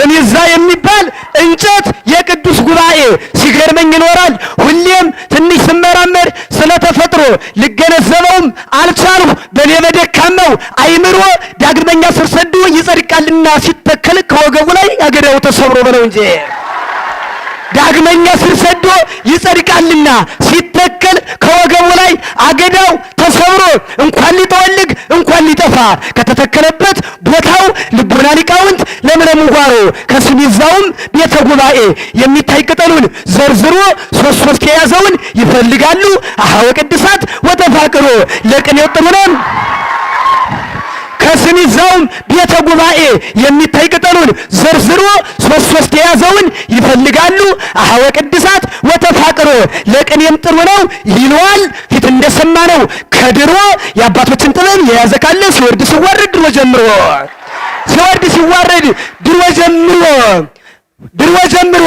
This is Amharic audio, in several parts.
ስም የሚባል እንጨት የቅዱስ ጉባኤ ሲገርመኝ ይኖራል። ሁሌም ትንሽ ስመራመድ ስለ ተፈጥሮ ልገነዘበውም አልቻሉ በእኔ በደካማው አይምሮ ዳግመኛ ስር ሰዶ ይጸድቃልና ሲተከል ከወገቡ ላይ አገዳው ተሰብሮ በለው እንጂ ዳግመኛ ስር ሰዶ ይጸድቃልና ሲተከል ከወገቡ ላይ አገዳው ተሰብሮ እንኳን ሊጠወልግ እንኳን ሊጠፋ ከተተከለ ከጓሮ ከስሚዛውም ቤተ ጉባኤ የሚታይ ቅጠሉን ዘርዝሮ ሶስት ሶስት የያዘውን ይፈልጋሉ። አሃወ ቅድሳት ወተፋቅሮ ለቅኔው ጥሩነን ከስሚዛውም ቤተ ጉባኤ የሚታይ ቅጠሉን ዘርዝሮ ሶስት ሶስት የያዘውን ይፈልጋሉ። አሃወ ቅድሳት ወተፋቅሮ ለቅኔም ጥሩ ነው ይሏል። ፊት እንደሰማ ነው ከድሮ የአባቶችን ጥበብ የያዘ ካለ ሲወርድ ሲወርድ ድሮ ጀምሮ ሲወርድ ሲዋረድ ድሮ ጀምሮ ድሮ ጀምሮ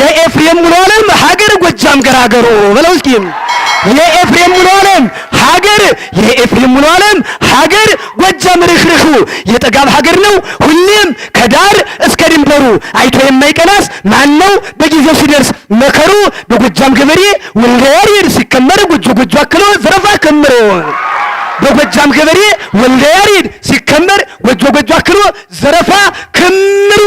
የኤፍሬም ሙሉ ዓለም ሀገር ጎጃም ገራገሮ በለው እስኪ የኤፍሬም ሙሉ ዓለም ሀገር የኤፍሬም ሙሉ ዓለም ሀገር ጎጃም ርሽርሹ የጠጋብ ሀገር ነው። ሁሌም ከዳር እስከ ድንበሩ አይቶ የማይቀናስ ማን ነው በጊዜው ሲደርስ መከሩ በጎጃም ገበሬ ወልደ ያሬድ ሲከመር ጎጆ ጎጆ አክሎ ዘረፋ ከመረ በጎጃም ገበሬ ወልደ ያሬድ መከመር ጎጆ ጎጆ አክሎ ዘረፋ ክምሩ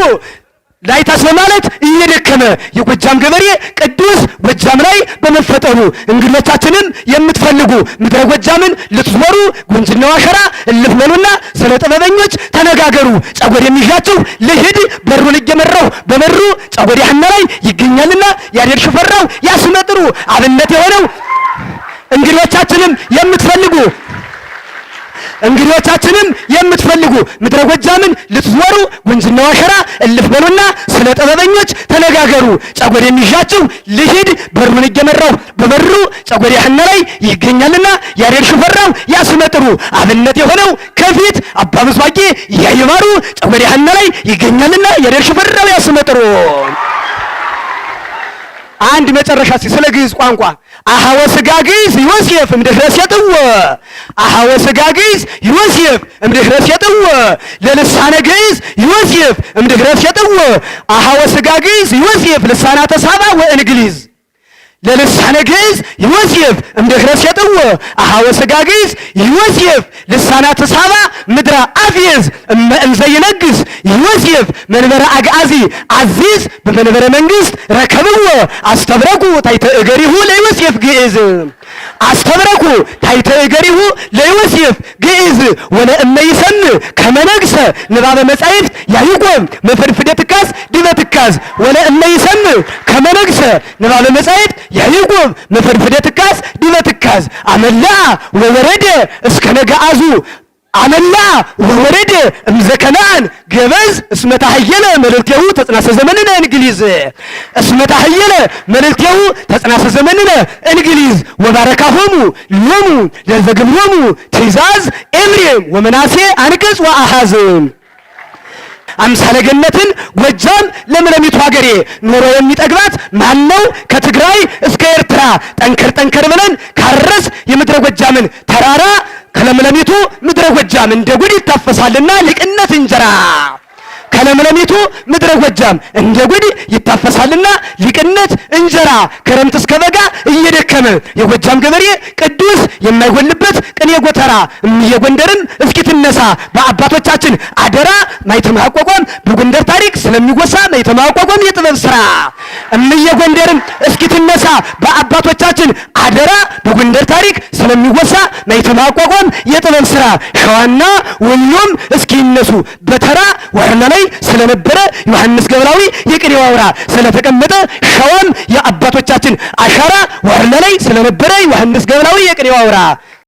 ላይታስ በማለት እየደከመ የጎጃም ገበሬ ቅዱስ ጎጃም ላይ በመፈጠሩ እንግዶቻችንም የምትፈልጉ ምድረ ጎጃምን ልትዞሩ ጉንጅናው አሸራ እልፍ በሉና ስለ ጥበበኞች ተነጋገሩ። ጨጎዴ የሚዣችሁ ልሂድ በሩን እየመራሁ በመሩ ጨጎዴ ያህና ላይ ይገኛልና ያደር ሽፈራው ያስመጥሩ አብነት የሆነው እንግዶቻችንም የምትፈልጉ እንግዶቻችንን የምትፈልጉ ምድረ ጎጃምን ልትዞሩ ጉንዝና ዋሸራ እልፍ በሉና ስለ ጥበበኞች ተነጋገሩ። ጨጎዴን ይዣችሁ ልሂድ፣ በሩን እየመራሁ በበሩ ጨጎዴ ያህነ ላይ ይገኛልና ያሬድ ሽፈራው ያስመጥሩ አብነት የሆነው ከፊት አባ ምስባቂ ያይማሩ ጨጎዴ ያህነ ላይ ይገኛልና ያሬድ ሽፈራው ያስመጥሩ አንድ መጨረሻ ሲ ስለ ግዕዝ ቋንቋ አሐወ ሥጋ ግዕዝ ዮሴፍ እምድኅረ ሴጥዎ አሐወ ሥጋ ግዕዝ ዮሴፍ እምድኅረ ሴጥዎ ለልሳነ ግዕዝ ዮሴፍ እምድኅረ ሴጥዎ አሐወ ሥጋ ግዕዝ ዮሴፍ ልሳናተ ሳባ ወእንግሊዝ ለልሳነ ግዕዝ ዮሴፍ እንደ ህረሴጥዎ አሃወ ሥጋ ግዕዝ ዮሴፍ ልሳና ተሳባ ምድራ አፍየዝ እመ እንዘ ይነግስ ዮሴፍ መንበረ አግአዚ አዚዝ በመንበረ መንግሥት ረከብዎ አስተብረኩ ታይተ እገሪሁ ለዮሴፍ ግዕዝ አስተብረኩ ታይተ እገሪሁ ለዮሴፍ ግዕዝ ወለ እመይሰም ከመነግሰ ንባበ መጻሕፍት ያይቆም መፈድፍደ ትካዝ ዲበ ትካዝ ወለ እመይሰም ከመነግሰ ንባበ መጻሕፍት ያይቆም መፈድፍደ ትካዝ ዲበ ትካዝ አመላ ወወረደ እስከ ነገአዙ አመላ ወወረደ እምዘከነአን ገበዝ እስመታህየለ መልእልቴው ተጽናሰ ዘመንነ እንግሊዝ እስመታህየለ መልእልቴው ተጽናሰ ዘመንነ እንግሊዝ ወባረካ ሆሙ ሎሙ ለዘግብሮሙ ትእዛዝ ኤፍሬም ወመናሴ አንቀጽ ወአሃዝ አምሳለ ገነትን ጎጃም ለምለሚቱ ሀገሬ ኑሮ የሚጠግባት ማን ከትግራይ እስከ ኤርትራ ጠንከር ጠንከር ብለን ካረስ የምድረ ጎጃምን ተራራ ከለምለሚቱ ምድረ ጎጃም እንደ ጉድ ይታፈሳልና ሊቅነት እንጀራ ከለምለሚቱ ምድረ ጎጃም እንደ ጉድ ይታፈሳልና ሊቅነት እንጀራ ክረምት እስከ በጋ እየደከመ የጎጃም ገበሬ ቅዱስ የማይጎልበት ቅኔ ጎተራ እምየ እስኪትነሳ በአባቶቻችን አደራ ማይተም አቋቋም በጎንደር ስለሚጎሳ የተማቋቋም የጥበብ ስራ እምዬ ጎንደርም እስኪትነሳ በአባቶቻችን አደራ በጎንደር ታሪክ ስለሚወሳ የተማቋቋም የጥበብ ስራ ሸዋና ወሎም እስኪነሱ በተራ ዋርና ላይ ስለነበረ ዮሐንስ ገብራዊ የቅኔው አውራ ስለተቀመጠ ሸዋም የአባቶቻችን አሻራ ዋርና ላይ ስለነበረ ዮሐንስ ገብራዊ የቅኔው አውራ